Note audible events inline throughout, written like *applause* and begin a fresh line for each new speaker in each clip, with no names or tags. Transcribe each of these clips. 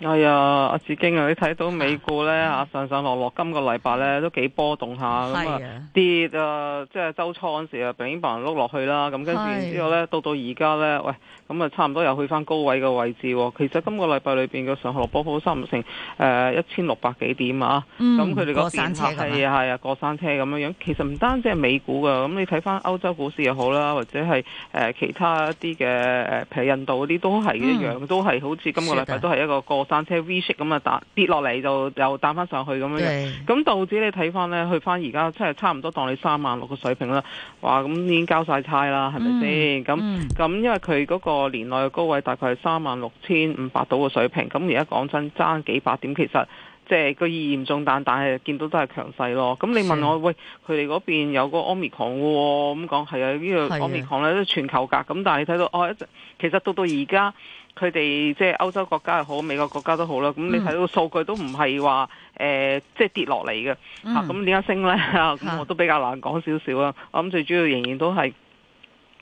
係、哎、啊，阿志京啊，你睇到美股咧，啊，上上落落，今個禮拜咧都幾波動下，咁啊、嗯、跌啊、呃，即係周初嗰陣時啊，已經俾人碌落去啦，咁跟住然之後咧，到到而家咧，喂。咁啊，差唔多又去翻高位嘅位置、哦。其實今個禮拜裏面嘅上合波幅差唔多成，誒一千六百幾點啊。咁佢哋個變態係啊過山車咁、啊、樣其實唔單止係美股噶，咁你睇翻歐洲股市又好啦，或者係誒、呃、其他一啲嘅誒，譬、呃、如印度嗰啲都係一樣，嗯、都係好似今個禮拜都係一個過山車 V 型咁啊，彈跌落嚟就又彈翻上去咁樣。咁導致你睇翻呢，去翻而家即係差唔多當你三萬六嘅水平啦。哇！咁已經交晒差啦，係咪先？咁、嗯、咁、嗯、因為佢嗰、那個。個年內嘅高位大概係三萬六千五百到嘅水平，咁而家講真爭幾百點，其實即係個意義嚴重，但係但見到都係強勢咯。咁你問我，是的喂，佢哋嗰邊有個奧密克嘅咁講，係啊，這個、呢個奧密克咧都全球格咁，但係你睇到哦，其實到到而家佢哋即係歐洲國家又好，美國國家都好啦，咁你睇到數據都唔係話誒即係跌落嚟嘅，嚇咁點解升咧？咁 *laughs* 我都比較難講少少啊。我諗最主要仍然都係。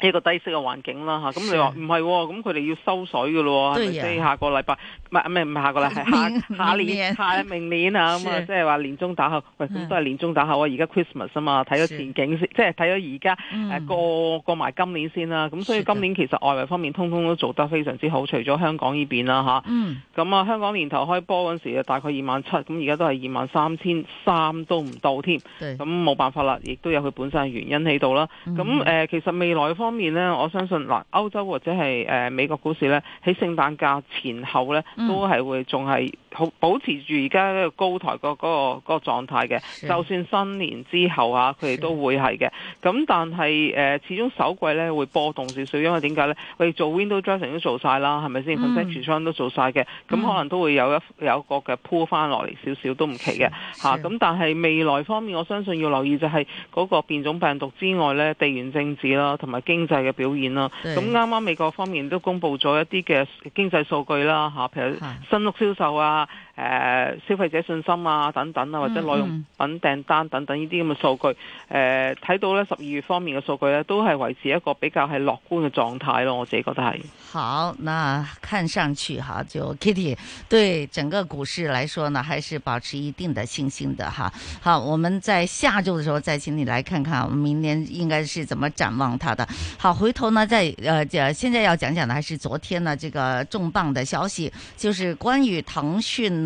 一個低息嘅環境啦吓，咁你話唔係喎，咁佢哋要收水嘅咯，即係下個禮拜唔係唔係下個禮拜，下下年，年、下明年啊咁啊，即係話年中打下，喂，咁都係年中打下啊！而家 Christmas 啊嘛，睇咗前景先，即係睇咗而家誒過過埋今年先啦。咁所以今年其實外圍方面通通都做得非常之好，除咗香港呢邊啦吓，咁啊、嗯、啊，香港年頭開波嗰陣時就大概二萬七，咁而家都係二萬三千三都唔到添。咁冇辦法啦，亦都有佢本身嘅原因喺度啦。咁、嗯呃、其實未來方方面呢，我相信嗱，歐洲或者係誒、呃、美國股市呢，喺聖誕假前後呢，嗯、都係會仲係好保持住而家呢個高台的、那個、那個個嗰個狀態嘅。就算新年之後啊，佢哋都會係嘅。咁但係誒、呃，始終首季呢，會波動少少，因為點解呢？我哋做 window dressing 都做晒啦，係咪先？financial 都做晒嘅，咁、嗯、可能都會有一有一個嘅鋪翻落嚟少少都唔奇嘅吓。咁、嗯啊嗯、但係未來方面，我相信要留意就係嗰個變種病毒之外呢，地緣政治啦，同埋經濟嘅表現啦，咁啱啱美國方面都公布咗一啲嘅經濟數據啦，吓，譬如新屋銷售啊。誒、呃，消費者信心啊，等等啊，或者耐用品訂單等等呢啲咁嘅數據，誒、嗯，睇、呃、到咧十二月方面嘅數據呢，都係維持一個比較係樂觀嘅狀態咯，我自己覺得係。
好，那看上去吓，就 Kitty 對整個股市來說呢，還是保持一定的信心的哈。好，我們在下周嘅時候再請你來看看，我們明年應該是怎麼展望它的。好，回頭呢，在呃講現在要講講嘅，還是昨天呢，這個重磅嘅消息，就是關於騰訊。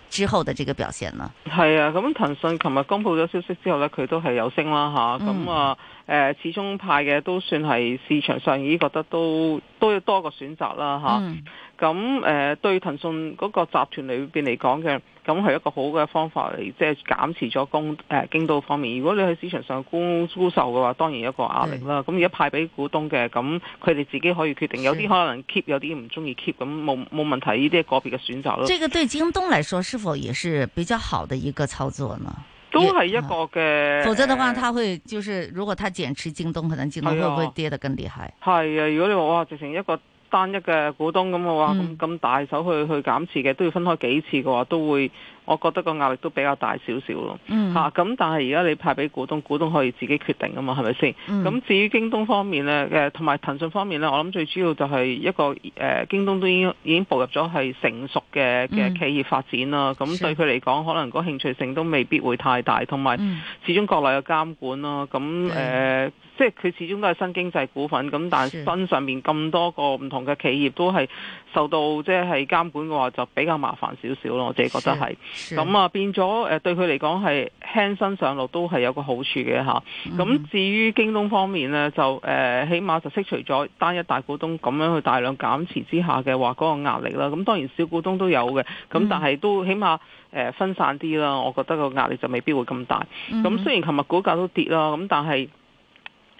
之後嘅這個表現呢？
係啊，咁騰訊琴日公布咗消息之後咧，佢都係有升啦吓。咁、嗯、啊，誒，始終派嘅都算係市場上已經覺得都都要多一個選擇啦吓。嗯咁對騰訊嗰個集團裏面嚟講嘅，咁係一個好嘅方法嚟，即係減持咗供誒京東方面。如果你喺市場上沽售嘅話，當然一個壓力啦。咁而家派俾股東嘅，咁佢哋自己可以決定。有啲可能 keep，有啲唔中意 keep，咁冇冇問題。呢啲個個別嘅選擇啦。這個
對京東嚟說是否也是比較好的一個操作呢？
都係一個嘅、啊。否則嘅話，它會就是如果它，
減持京東，可能京東會唔會跌得更厲害？
係啊，啊，如果你話哇，直情一個。單一嘅股東咁嘅話咁咁大手去去減持嘅、嗯，都要分開幾次嘅話，都會我覺得個壓力都比較大少少咯。吓、嗯、咁、啊、但係而家你派俾股東，股東可以自己決定啊嘛，係咪先？咁、嗯、至於京東方面呢，誒同埋騰訊方面呢，我諗最主要就係一個誒、呃，京東都已經已經步入咗係成熟嘅嘅、嗯、企業發展啦、啊。咁對佢嚟講，可能個興趣性都未必會太大，同埋始終國內嘅監管咯、啊。咁誒。嗯呃即係佢始終都係新經濟股份咁，但係身上面咁多個唔同嘅企業都係受到即係監管嘅話，就比較麻煩少少咯。我自己覺得係。咁啊變咗誒對佢嚟講係輕身上路都係有個好處嘅吓。咁至於京東方面呢，就誒、呃、起碼就剔除咗單一大股東咁樣去大量減持之下嘅話，嗰、那個壓力啦。咁當然小股東都有嘅，咁但係都起碼誒分散啲啦。我覺得個壓力就未必會咁大。咁、嗯、雖然琴日股價都跌啦，咁但係。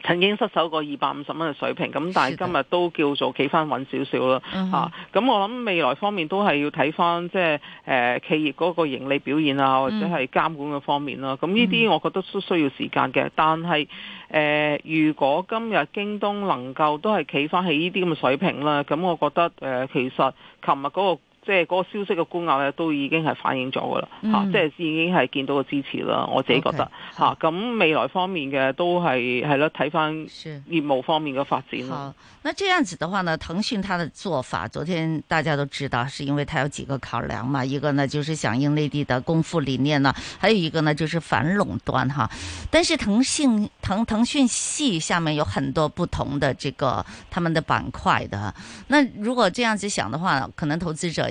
曾經失守過二百五十蚊嘅水平，咁但係今日都叫做企翻穩少少啦嚇。咁、啊、我諗未來方面都係要睇翻即係誒企業嗰個盈利表現啊，或者係監管嘅方面咯、啊。咁呢啲我覺得都需要時間嘅。但係誒、呃，如果今日京東能夠都係企翻喺呢啲咁嘅水平咧，咁我覺得誒、呃、其實琴日嗰個即係嗰個消息嘅觀望呢，都已經係反映咗㗎啦，嚇、嗯！即係已經係見到個支持啦，我自己覺得嚇。咁、okay. 啊、未來方面嘅都係係咯，睇返業務方面嘅發展咯。
那這樣子嘅話呢，騰訊它嘅做法，昨天大家都知道，係因為它有幾個考量嘛。一個呢，就是響應內地嘅功夫理念呢，還有一個呢，就是反壟斷哈。但是騰訊騰騰訊系下面有很多不同的這個他們的板塊的。那如果這樣子想嘅話，可能投資者。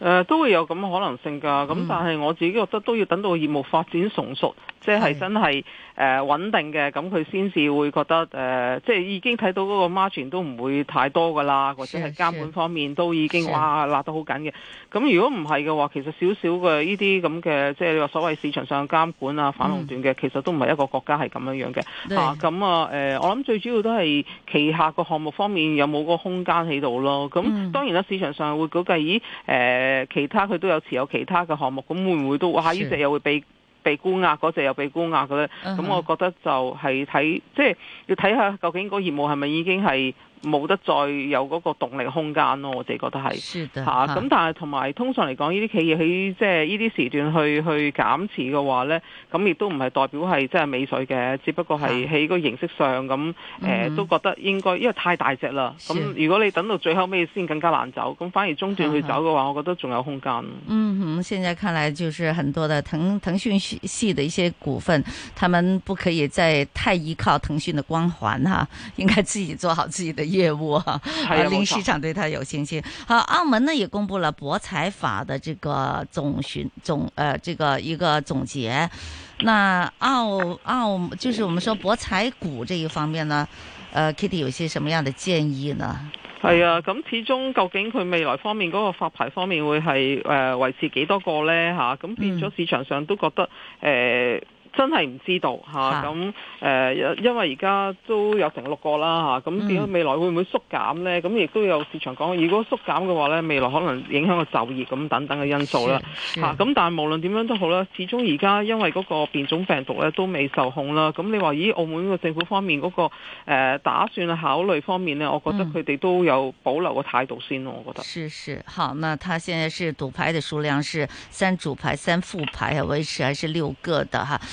誒、呃、都會有咁嘅可能性㗎，咁、嗯、但係我自己覺得都要等到業務發展成熟，即、就、係、是、真係誒、呃、穩定嘅，咁佢先至會覺得誒，即、呃、係、就是、已經睇到嗰個 margin 都唔會太多㗎啦，或者係監管方面都已經哇勒得好緊嘅。咁如果唔係嘅話，其實少少嘅呢啲咁嘅，即係、就是、你話所謂市場上嘅監管啊、反壟斷嘅，其實都唔係一個國家係咁樣嘅。嚇，咁啊誒、呃，我諗最主要都係旗下個項目方面有冇個空間喺度咯。咁、嗯、當然啦，市場上會估計咦誒。呃誒其他佢都有持有其他嘅項目，咁會唔會都哇？呢隻又會被被沽壓，嗰隻又被沽壓嘅咧？咁、uh-huh. 我覺得就係睇，即係要睇下究竟個業務係咪已經係。冇得再有嗰個動力空間咯，我自己覺得係，係，
吓、啊，咁但
係同埋通常嚟講呢啲企業喺即係呢啲時段去去減持嘅話咧，咁亦都唔係代表係即係尾水嘅，只不過係喺個形式上咁誒、啊嗯、都覺得應該，因為太大隻啦。咁如果你等到最後尾先更加難走，咁反而中段去走嘅話，我覺得仲有空間嗯哼，
現在看來就是很多的騰騰訊系的一些股份，他們不可以再太依靠騰訊的光環哈、啊，應該自己做好自己的。業務啊，令市場對他有信心。好，澳門呢也公布了博彩法的這個總巡總呃這個一個總結。那澳澳就是我們說博彩股這一方面呢，呃，Kitty 有些什麼樣的建議
呢？
係啊，咁始終究竟佢未來方面嗰個發牌方面會係誒、呃、維持幾多個呢？吓、啊？咁變咗市場上都覺得誒。呃嗯真係唔知道咁，誒、啊啊嗯，因為而家都有成六個啦，咁點解未來會唔會縮減呢？咁亦都有市場講，如果縮減嘅話呢，未來可能影響個就業咁等等嘅因素啦，咁、啊、但係無論點樣都好啦，始終而家因為嗰個變種病毒咧都未受控啦。咁、啊、你話咦，澳門個政府方面嗰、那個、呃、打算考慮方面呢，我覺得佢哋都有保留個態度先咯。我覺得。是
是，好，那他現在是賭牌的數量是三主牌三副牌，維持還是六個的哈？啊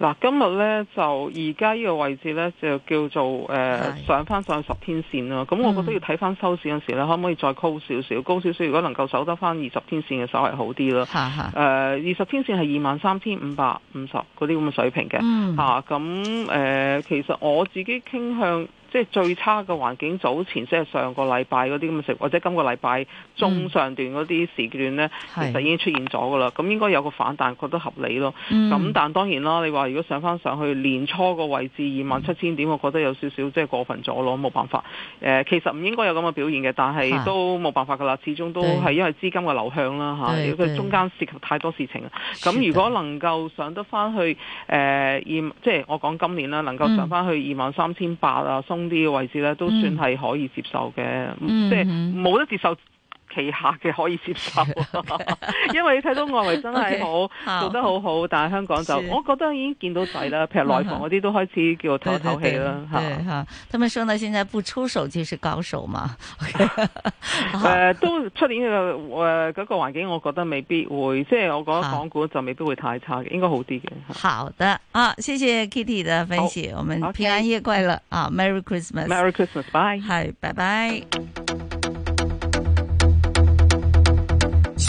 嗱，今日咧就而家呢個位置咧就叫做誒、呃、上翻上十天線啦，咁我覺得要睇翻收市嗰時咧、嗯，可唔可以再高少少，高少少如果能夠守得翻二十天線嘅，稍微好啲咯。嚇二十天線係二萬三千五百五十嗰啲咁嘅水平嘅，嚇咁誒其實我自己傾向。即係最差嘅環境，早前即係上個禮拜嗰啲咁嘅市，或者今個禮拜中上段嗰啲時段呢，其實已經出現咗噶啦。咁應該有個反彈，覺得合理咯。咁、嗯、但當然啦，你話如果上翻上去年初個位置二萬七千點，我覺得有少少即係過分咗咯，冇辦法。呃、其實唔應該有咁嘅表現嘅，但係都冇辦法噶啦。始終都係因為資金嘅流向啦、啊、如果佢中間涉及太多事情。咁如果能夠上得翻去誒二、呃，即係我講今年啦，能夠上翻去二萬三千八啊，啲嘅位置咧，都算係可以接受嘅，mm-hmm. 即係冇得接受。旗下嘅可以接受 okay, 哈哈，因為睇到外圍真係好 okay, 做得好好，但係香港就我覺得已經見到滯啦。譬如內房嗰啲
都開始叫我透透氣啦。對哈，他們說呢，現在不出手就是高手嘛。
誒、okay, 呃，都出年嘅嗰個環境，我覺得未必會，即係我覺得港股就未必會太差嘅，應該好啲嘅。好的
啊，謝謝 Kitty 的分析，我們平安夜快樂，okay, 啊，Merry Christmas，Merry Christmas，bye，嗨，拜
拜。嗯。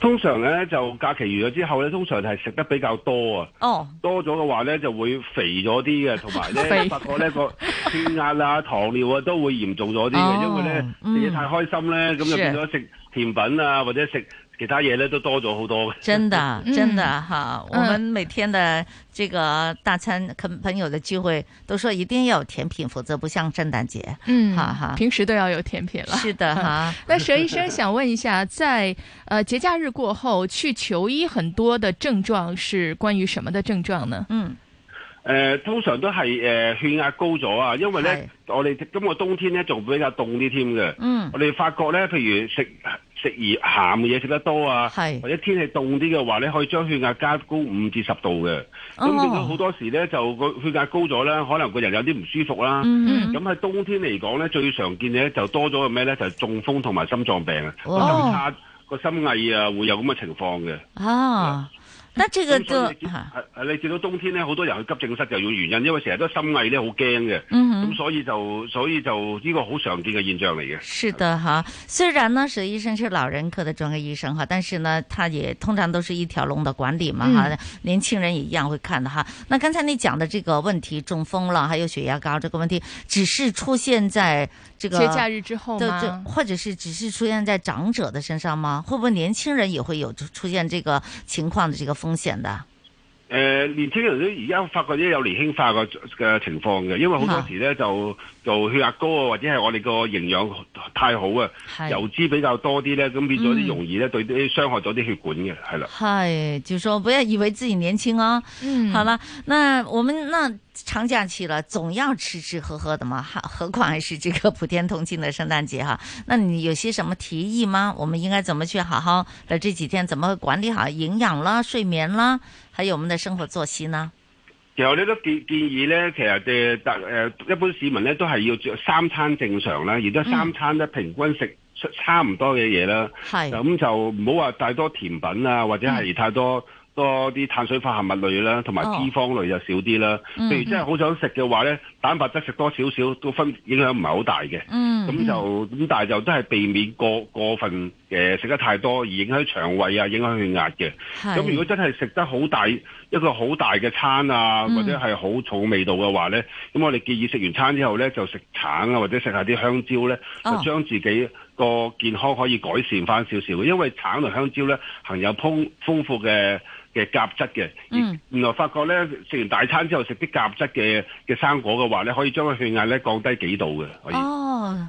通常咧就假期完咗之後咧，通常係食得比較多啊。哦、oh.，多咗嘅話咧就會肥咗啲嘅，同埋咧發覺咧個血壓啊、糖尿啊都會嚴重咗啲嘅，oh. 因為咧食嘢太開心咧，咁、mm. 就變咗食甜品啊，或者食。其他嘢呢都多咗好多嘅，真
的真的哈，我們每天的這個大餐，朋朋友的聚會都說一定要有甜品，否則不像聖誕節，嗯，哈哈，平
時都要有甜品了，是的哈。 *laughs* 那佘醫生想問一下，在呃節假日過後去求醫很多的症狀是關於什麼的症狀呢？嗯。
誒、呃，通常都係誒、呃、血壓高咗啊，因為咧，我哋今個冬天咧仲比較凍啲添嘅。嗯，我哋發覺咧，譬如食食熱鹹嘅嘢食得多啊，或者天氣凍啲嘅話咧，可以將血壓加高五至十度嘅。咁變咗好多時咧，就個血壓高咗咧，可能個人有啲唔舒服啦。嗯，嗯，咁喺冬天嚟講咧，最常見嘅就多咗嘅咩咧，就是、中風同埋心臟病啊，咁、哦、差個心翳啊，會有咁嘅情況嘅。啊！嗯那這個就你見、啊、到冬天呢，好多人去急症室就有原因，因為成日都心畏呢好驚嘅。咁、嗯、所以就所以就呢個好常見嘅現象嚟嘅。是
的哈、啊，雖然呢，佘醫生是老人科的專科醫生哈，但是呢，他也通常都是一條龍的管理嘛哈、嗯啊。年輕人也一樣會看的哈、啊。那剛才你講的這個問題，中風啦，還有血壓高這個問題，只是出現在這個節假日
之後嗎對對？
或者是只是出現在長者的身上嗎？會不會年輕人也會有出現這個情況的這個？風險嘅，
誒、呃，年輕人都而家發覺有年輕化嘅嘅情況嘅，因為好多時咧就，嗯啊就血壓高啊，或者係我哋個營養太好啊，油脂比較多啲咧，咁變咗啲容易咧，對啲傷害咗啲血管嘅，係、嗯、啦。
係，就說不要以為自己年輕啊、哦。嗯，好啦，那我們那長假期了，總要吃吃喝喝的嘛，何何況還是這個普天同慶的聖誕節哈？那你有些什麼提議嗎？我們應該怎麼去好好的這幾天怎麼管理好營養啦、睡眠啦，還有我們的生活作息呢？
其實呢，都建建議咧，其實誒，誒，一般市民咧都係要三餐正常啦，而家三餐咧平均食差唔多嘅嘢啦。係、嗯、咁就唔好話太多甜品啊，或者係太多。多啲碳水化合物類啦，同埋脂肪類就少啲啦、哦嗯。譬如真係好想食嘅話呢、嗯、蛋白質食多少少都分影響唔係好大嘅。咁、嗯、就咁、嗯，但係就真係避免過過分誒食得太多而影響腸胃啊，影響血壓嘅。咁如果真係食得好大一個好大嘅餐啊，或者係好重味道嘅話呢咁、嗯、我哋建議食完餐之後呢，就食橙啊，或者食下啲香蕉呢，哦、就將自己個健康可以改善翻少少。因為橙同香蕉呢，含有豐豐富嘅。嘅甲質嘅，而原來發覺咧，食完大餐之後食啲甲質嘅嘅生果嘅話咧，可以將佢血壓咧降低幾度嘅可以。哦。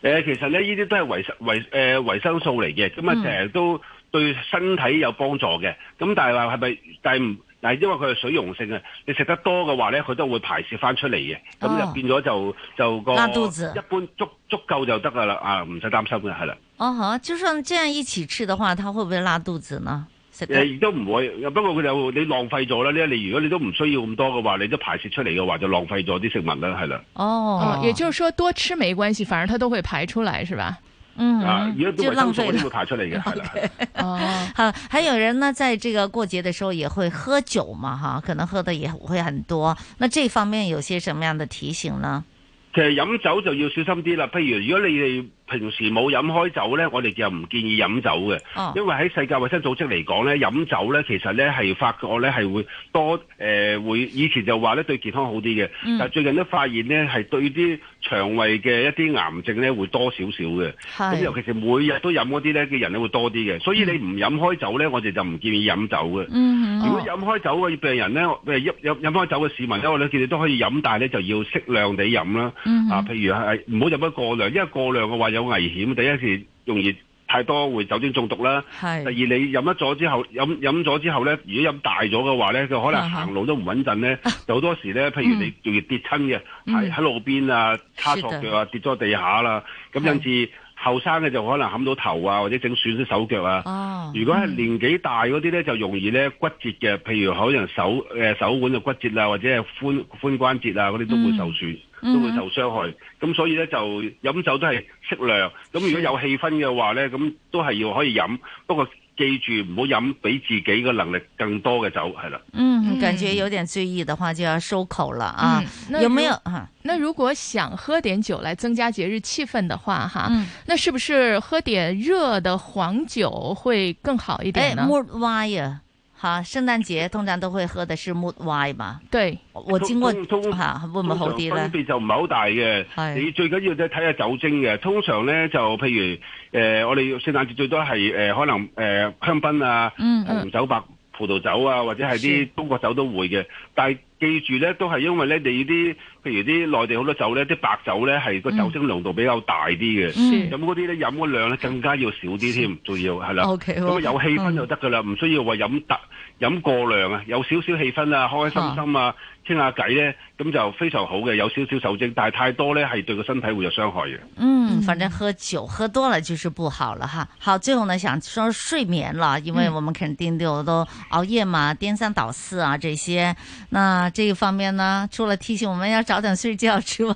誒、呃，其實咧呢啲都係維維誒維生素嚟嘅，咁啊成日都對身體有幫助嘅。咁但係話係咪？但係唔但係因為佢係水溶性啊，你食得多嘅話咧，佢都會排泄翻出嚟嘅。咁、哦、就變咗就就個拉肚子一般足足夠就得噶啦，啊唔使擔心咁係係啦。
哦吓，就算這樣一起吃的話，它會唔會拉肚子呢？
誒，亦都唔會，不過佢就你浪費咗啦。呢你如果你都唔需要咁多嘅話，你都排泄出嚟嘅話就浪費咗啲食物啦，係啦。
哦、oh.，也就是說多吃沒關係，反而它都會排出嚟，是吧？嗯，啊，
如果都就浪費咗冇排出嚟嘅，係、okay. 啦。
哦、oh. *laughs* 好，
還有人呢，在這個過節的時候也會喝酒嘛，哈，可能喝的也會很多。那這方面有些什麼樣的提醒呢？
其實飲酒就要小心啲啦，譬如如果你。平時冇飲開酒咧，我哋就唔建議飲酒嘅、哦，因為喺世界衛生組織嚟講咧，飲酒咧其實咧係發覺咧係會多誒、呃，會以前就話咧對健康好啲嘅、嗯，但係最近都發現咧係對啲。腸胃嘅一啲癌症咧會多少少嘅，咁尤其是每日都飲嗰啲咧嘅人咧會多啲嘅，所以你唔飲開酒咧、嗯，我哋就唔建議飲酒嘅、嗯。如果飲開酒嘅病人咧，譬如飲飲開酒嘅市民因我哋建議你都可以飲，但係咧就要適量地飲啦。啊，譬如係唔好飲得過量，因為過量嘅話有危險，第一次容易。太多會酒精中毒啦。係。而你飲咗之後，飲咗之後咧，如果飲大咗嘅話咧，就可能行路都唔穩陣咧。好多時咧，譬如你、嗯、容易跌親嘅，喺、嗯、喺路邊啊，叉錯腳啊，跌咗地下啦。咁引致後生嘅就可能冚到頭啊，或者整損啲手腳啊。啊，如果係年紀大嗰啲咧，就容易咧骨折嘅，譬如可能手、呃、手腕嘅骨折啦，或者係髖髖關節啊嗰啲都會受損。嗯都會受傷害，咁所以咧就飲酒都係適量，咁如果有氣氛嘅話咧，咁都係要可以飲，不過記住唔好飲比自己嘅能力更多嘅酒，係啦。嗯，
感覺有點醉意的話就要收口
了啊。嗯、有沒有啊？那如果想喝點酒來增加節日氣氛的話，哈、嗯，那是不是喝點熱的黃酒會更好一
點呢？哎吓，聖誕節通常都會喝的是木 Y 嘛？對我經過通吓，會唔會好啲咧？分別
就唔係好大嘅，你最緊要就睇下酒精嘅。通常咧就譬如誒、呃，我哋聖誕節最多係誒、呃，可能誒、呃、香檳啊，紅酒、白葡萄酒啊，或者係啲中國酒都會嘅，但係。記住咧，都係因為咧，你啲譬如啲內地好多酒咧，啲白酒咧係個酒精濃度比較大啲嘅，咁嗰啲咧飲嘅量咧更加要少啲添，仲要係啦。咁、Okay，有氣氛就得噶啦，唔、嗯、需要話飲特飲過量啊，有少少氣氛啊，開開心心啊。啊傾下偈呢，咁就非常好嘅，有少少酒精，但係太多呢，係對個身體會有傷害嘅。
嗯，
反正喝酒喝多了就是不好了哈。好，最後呢想說睡眠啦，因為我們肯定都有都熬夜嘛，顛三倒四啊，這些。那這一方面呢，除了提醒我們要早點睡覺之外，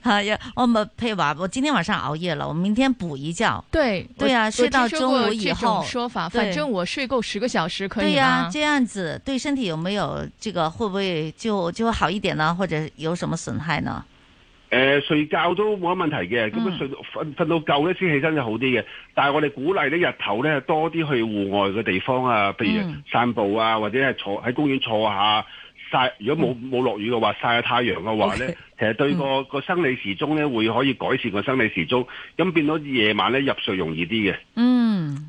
好、啊、呀，我們配娃，我今天晚上熬夜了，我明天補一覺。對，
對啊，睡到中午以後。說，說法，反正
我睡夠十個小時可以呀，這樣子對身體有沒有？這個會不會？就就好一點啦，或者有什麼損害呢？誒、
呃，睡覺都冇乜問題嘅，咁、嗯、啊睡瞓瞓到夠咧先起身就好啲嘅。但係我哋鼓勵咧日頭咧多啲去戶外嘅地方啊，譬如散步啊，嗯、或者係坐喺公園坐下晒。如果冇冇落雨嘅話曬下太陽嘅話咧，okay. 其實對、個個、嗯、生理時鐘咧會可以改善個生理時鐘，咁變到夜晚咧入睡容易啲嘅。嗯。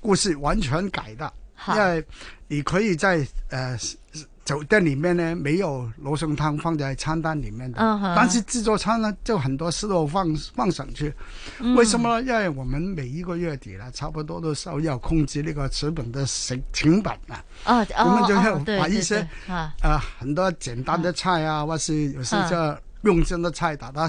故事完全改的，因為你可以在呃酒店裏面呢，沒有羅宋湯放在餐單裏面的，uh-huh. 但是自助餐呢，就很多時都放放上去。為什麼呢？Um, 因為我們每一個月底呢，差不多的時候要控制那個成本的成成本啊。
我、uh, 們就要把一些啊、uh-uh,
呃、很多簡單的菜啊，uh-huh. 或是有時叫用心的菜打打。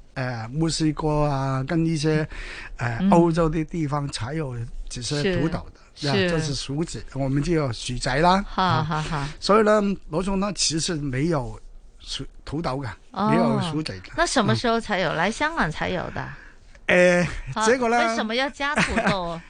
呃，墨西哥啊！跟一些呃、嗯、歐洲的地方才有這些土豆的，是啊，這是薯仔、就是，我們就有薯仔啦。哈哈哈。所以呢，羅宋湯其實沒有薯土豆的，哦、沒有薯仔。那什麼時
候才有、嗯？來香港才有的。呃，這個呢，啊、為什麼要加土豆？ *laughs*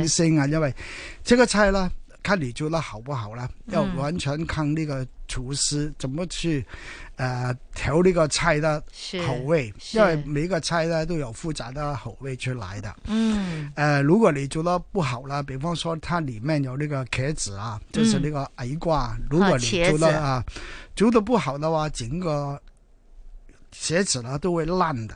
啊！因為這個菜呢，看你做得好不好啦、嗯，要完全看那個廚師怎麼去誒、呃、調呢個菜的口味，因為每個菜呢都有複雜的口味出來的。嗯，誒、呃，如果你做得不好啦，比方說它裏面有那個茄子啊，就是那個矮瓜、嗯，如果你做得啊煮得不好的話，整個茄子呢都會爛的。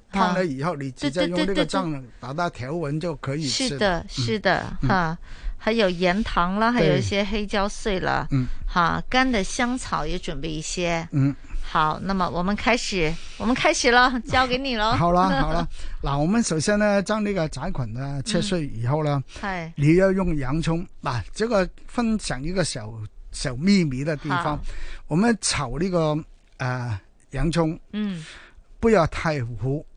燙了以後你直接用這個醬
打到條紋
就可以吃。嗯，對對對對對對。是的，是的，
哈、啊，還有鹽糖啦，還有一些黑椒碎啦。嗯，哈、啊，乾的香草也準備一些。嗯，好，那麼我們開始，我們開始咯，交給你咯。好啦，好啦，那 *laughs* 我
們首先呢，將那個仔菌呢切碎以後呢，
嗯、
你要用洋葱啊，這個分享一個小小秘密的地方，我們炒那、這個呃洋葱，嗯，不要太糊，糊。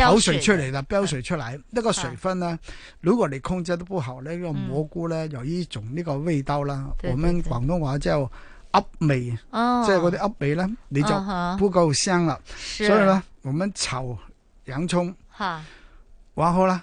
口水，水出嚟啦，飆水出嚟，呢、那個水分呢，如果你控制得不好呢，啊，這個蘑菇呢，嗯、有一種呢個味道啦，對對對，我們廣東話叫噏味，即係嗰啲噏味呢，你就不夠香啦，啊，所以呢，我們炒洋蔥，啊，然後呢。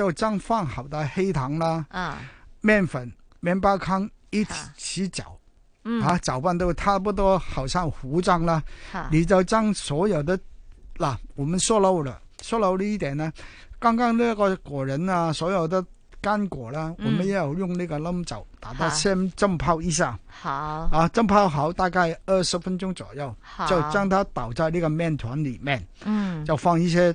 就將放好的黑糖啦，麵、啊、粉、麵包糠一起起攪，
啊，啊、嗯、攪
拌都差不多，好像糊狀啦、啊。你就將所有的嗱、啊，我們說漏了說漏了一點呢。剛剛那個果仁啊，所有的乾果啦、嗯，我們要用那個冧酒把它先浸泡一下，
好，啊
浸泡好大概二十分鐘左右，就將它倒在那個麵團裏面，嗯、就放一些。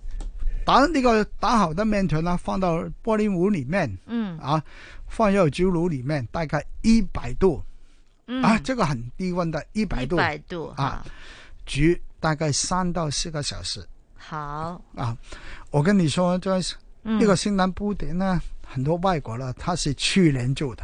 打呢、這個打好的麵團呢，放到玻璃壺裏面，嗯，啊，放入焗爐裏面，大概一百度，嗯，
啊，這
個很低溫的，一百度，一百度啊，煮大概三到四個小時。
好，
啊，我跟你說，就是個聖誕布甸呢、嗯，很多外國呢，他是去年做的。